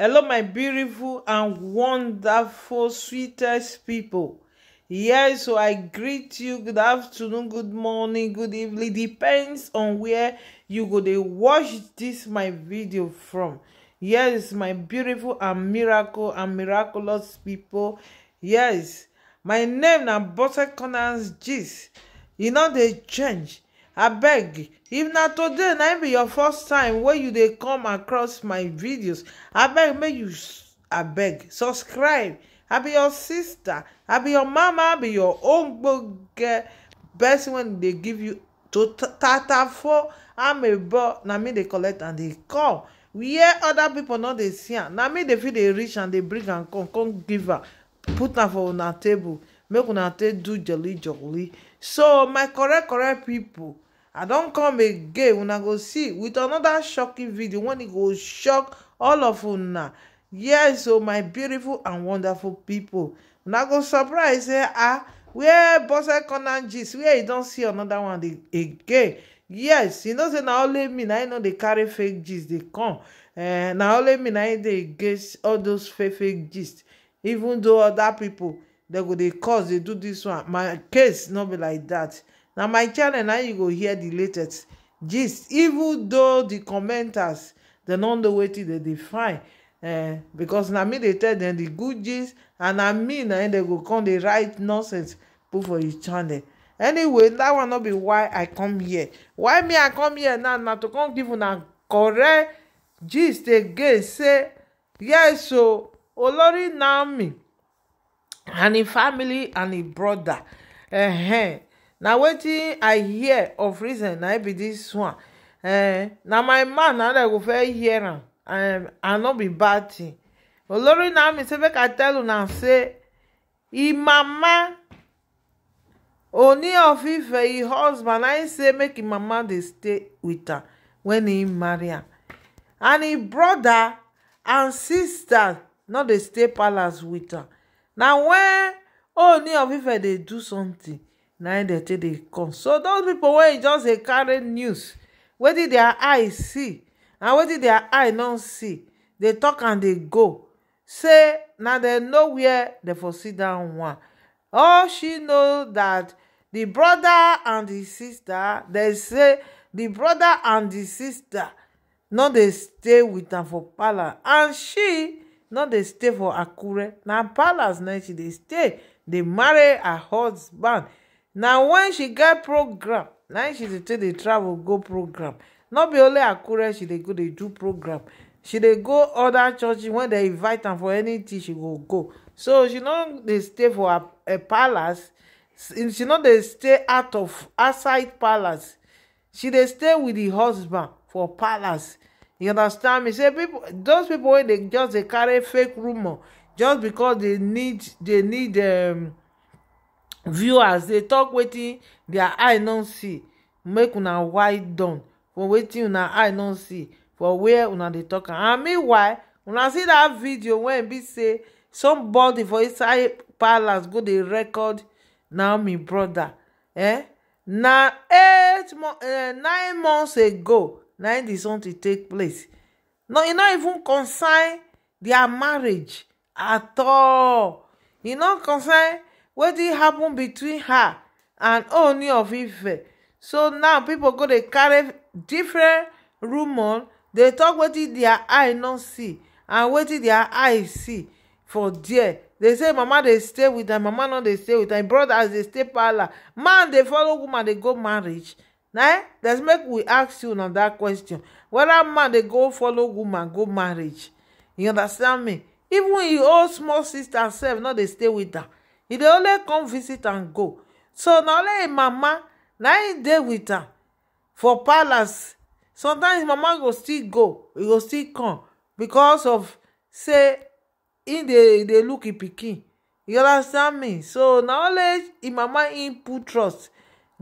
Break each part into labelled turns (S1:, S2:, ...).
S1: Hello, my beautiful and wonderful, sweetest people. Yes, so I greet you. Good afternoon, good morning, good evening. Depends on where you go. They watch this my video from. Yes, my beautiful and miracle and miraculous people. Yes, my name na Bose Corners Gist. You know they change abeg if na today na be your first time wey you dey come across my videos abeg make you abeg subscribe i be your sister i be your mama i be your own gbogbo person wey dey give you to tata for. tatafo amebo na me dey collect and dey come where other people no dey see am na me dey fit dey reach and dey bring am come come give am put am for una table make una take do jolly jolly so my correct correct people i don't come again una go see with another shocking video when e go shock all of una yes o oh, my beautiful and wonderful pipo una go surprise say eh? ah where bose corner gist where you don't see another one again yes you know say now only me Now im no dey carry fake gist They come eh now only me Now they dey all those fake fake gist even though other people they go they cause they do this one my case not be like that na my channel na you go hear the latest gist even though the commenters dem no know wetin dem dey find eh because na me dey tell dem the good gist and na me na im dem go come dey write nonsense put for di channel anyway that one no be why i come here why me i come here now na to come give una correct gist again say yes So, olori naomi and im family and im brother. uh eh, -huh. Eh, na wetin i hear of reason na e be dis one eh, na my man na no i go fay hear am um, and no be bad tin olori naomi say make i tell you na say e mama oni of ife e husband na he say make e mama dey stay wit am wen e marry am and e brother and sister no dey stay palace wit am na wen oni of ife dey do something. na in dey dey come so those pipo wey e just dey carry news wetin dia eye see and wetin dia eye no see dey tok and dey go say na dem know wia dem for see dat one. all she know that di brother and di sister dey say di brother and di sister no dey stay wit am for palace and she no dey stay for akure na palace na she dey stay dey marry her husband. na when she get program na she dey take dey travel go program not be only akure she dey go dey do program she dey go other churches when they invite am for anything she go go so she no dey stay for her palace she no dey stay out of outside palace she dey stay with the husband for palace you understand me say people those people wey just dey carry fake rumor just becos they need um viewers dey talk wetin their eye no see make una wide down for wetin una eye no see for where una dey tok and meanwhile una see that video wey e be say somebody for inside palace go dey record naomi brother eh na eight eh, nine months ago na im di something take place no e no even concern their marriage at all e no concern wetin happen between her and Ooni of Ife so now people go dey carry different rumour dey tok wetin their eye no see and wetin their eye see for there dey say mama dey stay with her mama no dey stay with her brothers dey stay parlour man dey follow woman dey go marriage na let's eh? make we ask you na dat question whether man dey go follow woman go marriage you understand me even e old small sister sef no dey stay with her e dey only come visit and go so na only im mama na im dey with am for palace sometimes mama go still go e go still come because of say im dey look im pikin you understand me so na only im mama im put trust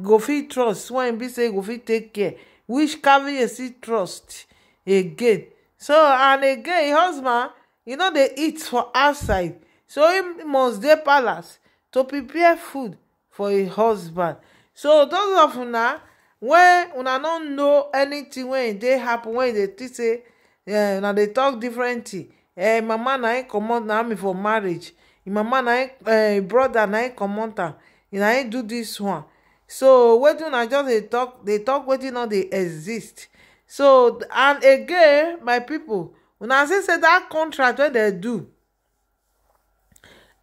S1: go fit trust when im e be say go fit take care which carry still trust again so and again husband e no dey eat for outside So he must dey palace to prepare food for his husband. So those of una when una not know anything when they happen when they say, yeah, now they talk differently. eh mama na he comot na me for marriage mama na he eh, brother na he comot am na he do this one so wetin una just they talk They talk you know they exist so and again my people, when I say that contract what they do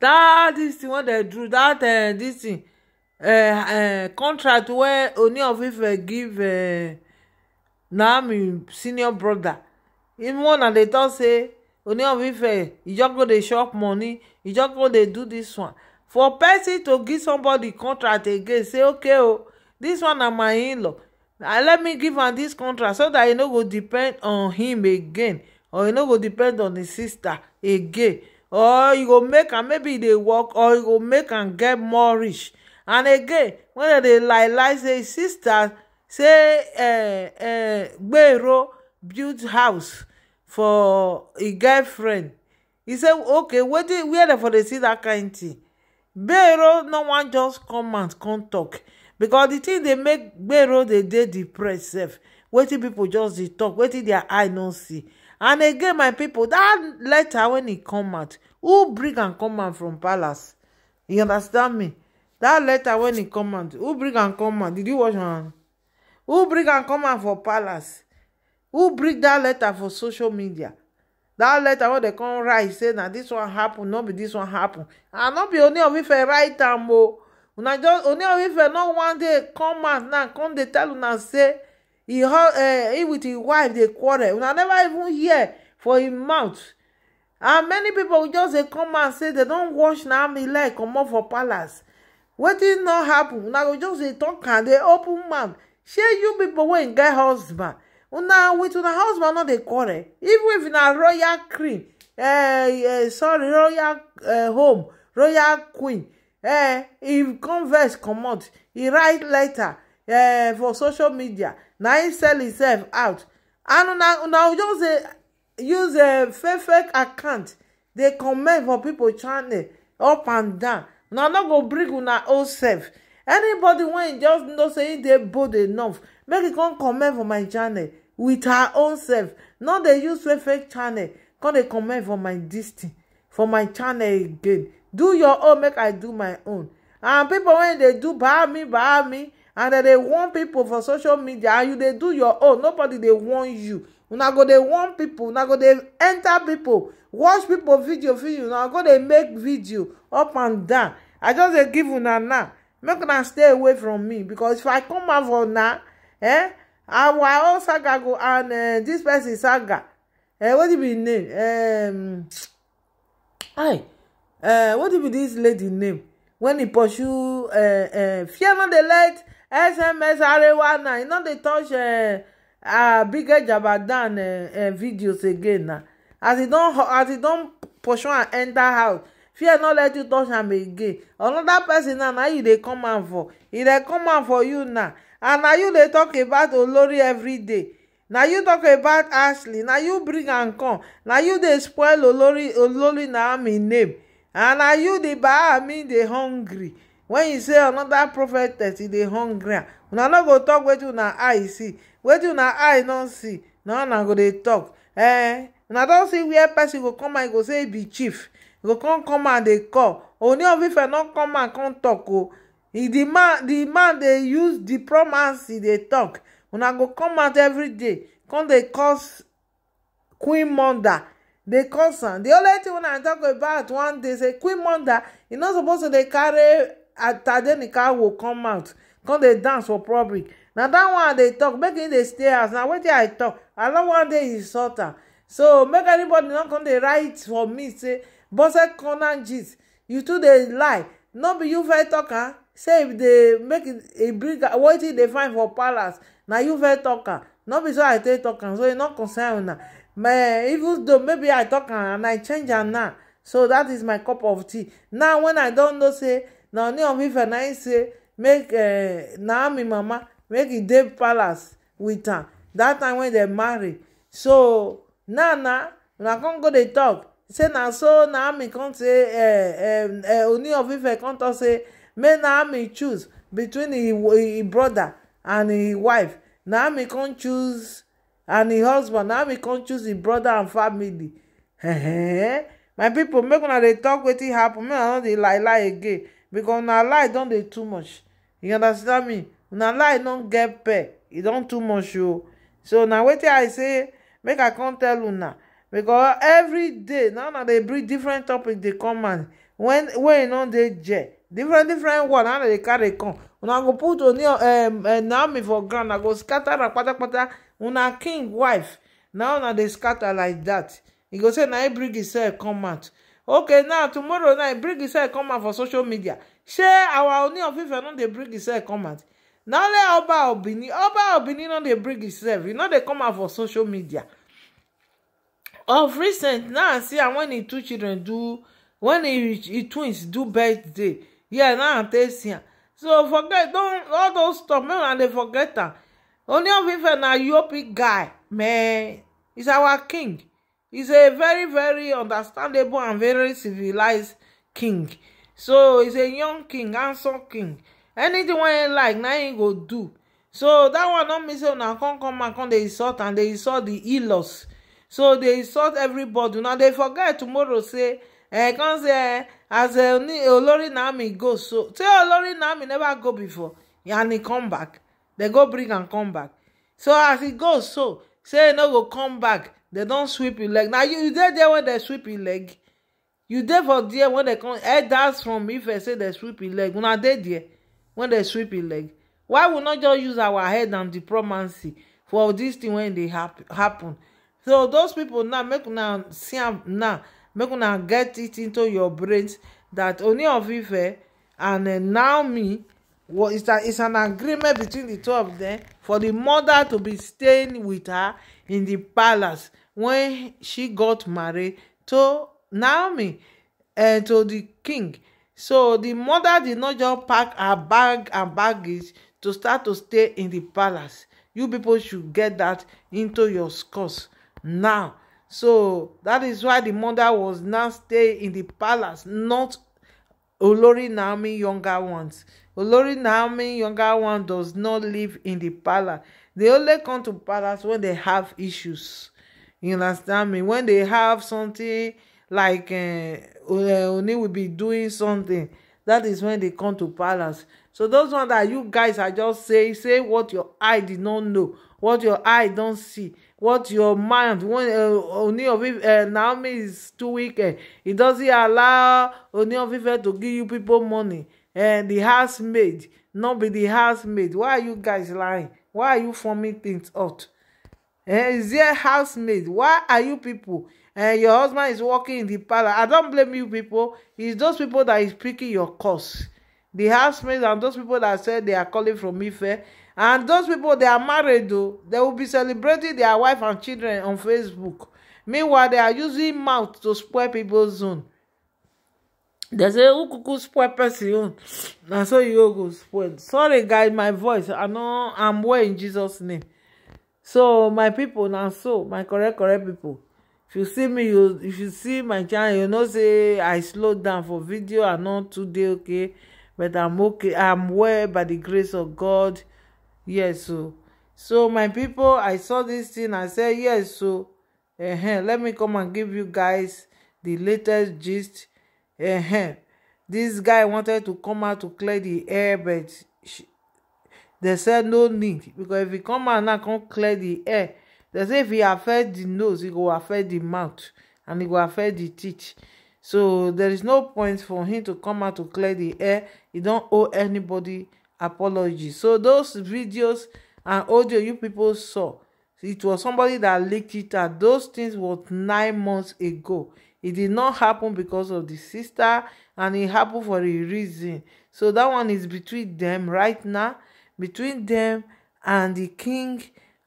S1: that this thing wey dem do that uh, this thing uh, uh, contract wey Ooni of Ife give uh, Naomi senior brother him one and dey talk say Ooni of Ife e just go dey chop money e just go dey do this one for person to give somebody contract again say okay o oh, this one na my in-law uh, let me give am this contract so that e no go depend on him again or e no go depend on his sister again or you go make am maybe e dey work or you go make am get more rich and again when dem dey lie lie say sister say "Uh, uh, gbero build house for e girlfriend He say okay where dem for dey see that kind thing gbero no wan just come out come talk because the thing dey make gbero dey dey depressed sef wetin pipo just dey talk wetin their eye no see and again my people, that letter when e come out who bring am come out from palace you understand me That letter when e come out who bring am come out did you watch am who bring am come out for palace who bring that letter for social media That letter wey dem come write say na this one happen no be this one happen and no be only of ife write am o oh. una just only of ife no one day come out now come dey tell una say he eh, he with his wife dey quarrel una never even hear for him mouth and many pipo just dey come out say they don wash na army leg comot for palace wetin no happen una go just dey talk am dey open mouth shey you people wey get husband una with una husband no dey quarrel even if na royal queen eh, eh sorry royal eh, home royal queen eh He come vex comot e write letter Eh, for social media na him sell himself out and una just use fake fake account dey comment for pipo channel up and down na no go bring una own self anybody wey just know say him dey bold enough make e come comment for my channel with her own self no dey use fake fake channel come dey comment for my dis thing for my channel again do your own make i do my own and people wey dey do baami baami and dem dey warn pipo for social media and you dey do your own nobody dey warn you una go dey warn people. una go dey enter people. watch people video video una go dey make video up and down i just dey give una now make una stay away from me because if i come out for now eh our own saga go and uh, eh, dis person saga eh what do be im name um, hi uh, eh, what do be dis lady name wen e pursue uh, uh, fear no dey let sms arewa na e no dey touch uh, uh, big jabadan uh, videos again na as e don pursue am enter house fear no let you touch am again another person now, na you dey come am for e dey come am for you now and na you dey talk about olori everyday na you talk about ashley na you bring am come na you dey spoil olori olori na name and na you the bahami dey hungry When you say another prophet that he dey hungry una no go tok wetin una eye see wetin una eye don see na una go dey talk, eh una don see wia person go come and e go say e be chief go come come and dey call oni of ife no come and come talk. o di man di man dey use diplomacy dey tok una go come out day come dey cause queen mother dey cause am di only thing una i tok about one day say queen mother e no suppose to dey carry tadenikawo come out come dey dance for public na that one i dey tok make him dey stay house na wetin i tok i no wan dey insult am so make anybody no come dey write for me say bose corner gist you too dey lie no be you first tok am say if dey make e bring wetin dey find for palace na you first tok am no be so i take tok am so e no concern una man even though maybe i talk am and i change am now so that is my cup of tea now when i don know say na oni of ife na him say make eh, naomi mama make e dey palace with am That time when dem marry so now na una come go dey talk. say na so naomi come say eh, eh, oni of ife come tok say make naomi choose between him brother and him wife naomi come choose and him husband naomi come choose him brother and family my pipo make una dey tok wetin happen make una no dey lie lie again because na lie don dey too much you understand me na lie don get pay e don too much o so na wetin i say make I come tell una because now na una dey bring different topic dey come out wen wen e no dey je different different world na una dey carry come una go put oni um, eh, naomi for ground na go scatter am kpatakpata una king wife na una dey scatter like dat e go say na him bring himself come out. okay now tomorrow night bring himself come out for social media Share our Ooni of Ife no dey bring himself come out na only Oba Obini Oba Obini no dey bring himself You no dey come out for social media of recent now i see am when im two children do when im twins do birthday yeah now i take see am so forget don all those stuff make una dey forget am Ooni of Ife na yopi guy man he's our king he's a very very understandable and very civilized king so he's a young king handsome king anything wey he like na him go do so that one don mean say una come come and come they insult and they insult the in so they insult everybody now They forget tomorrow say eh come say eh as eh, olori naomi go so say olori naomi never go before and e come back They go bring and come back so as he goes so say no go come back They don't sweep your leg Now you dey there when they sweep your leg you dey for there when they come elders from me if I say they sweep your leg When I dead there when they sweep your leg why we not just use our head and diplomacy for this thing when they hap happen so those people now make now see now make now get it into your brains that only of ife and eh, now me well, it's, a, it's an agreement between the two of them for the mother to be staying with her in the palace when she got married to Naomi and uh, eh, to the king. So the mother did not just pack her bag and baggage to start to stay in the palace. You people should get that into your scores now. So that is why the mother was now staying in the palace, not Olori Naomi younger ones olori naomi younger one does not live in the palace They only come to palace when they have issues you understand me When they have something like eh, eh, oni will be doing something that is when they come to palace so those ones that you guys are just say say what your eye did not know what your eye don't see what your mind when eh, oni of ife naomi is too weak e doesn't allow oni of to give you people money and eh, the housemaid not be the housemaid why are you guys lying why are you forming things out eh is there housemaid why are you people and eh, your husband is working in the palace i don't blame you people it's those people that is picking your course. the housemaid and those people that said they are calling from Ife and those people they are married though they will be celebrating their wife and children on Facebook meanwhile they are using mouth to spoil people's zone They say, who could spoil person own? And so you go spoil. Sorry, guys, my voice. I know I'm well in Jesus' name. So, my people, now so, my correct, correct people. If you see me, you if you see my channel, you know, say I slowed down for video. I know today, okay? But I'm okay. I'm well by the grace of God. Yes, so. So, my people, I saw this thing. I said, yes, so. Uh -huh. Let me come and give you guys the latest gist. -huh. this guy wanted to come out to clear the air but she, they said no need because if he come out now come clear the air they say if he affect the nose he go affect the mouth and he go affect the teeth so there is no point for him to come out to clear the air He don't owe anybody apology so those videos and audio you people saw it was somebody that leaked it out those things was nine months ago It did not happen because of the sister and it happened for a reason so that one is between them right now between them and the king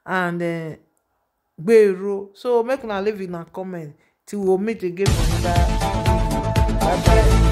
S1: and uh, eh, Gbero so make na leave in a comment till we we'll meet again for another bye bye.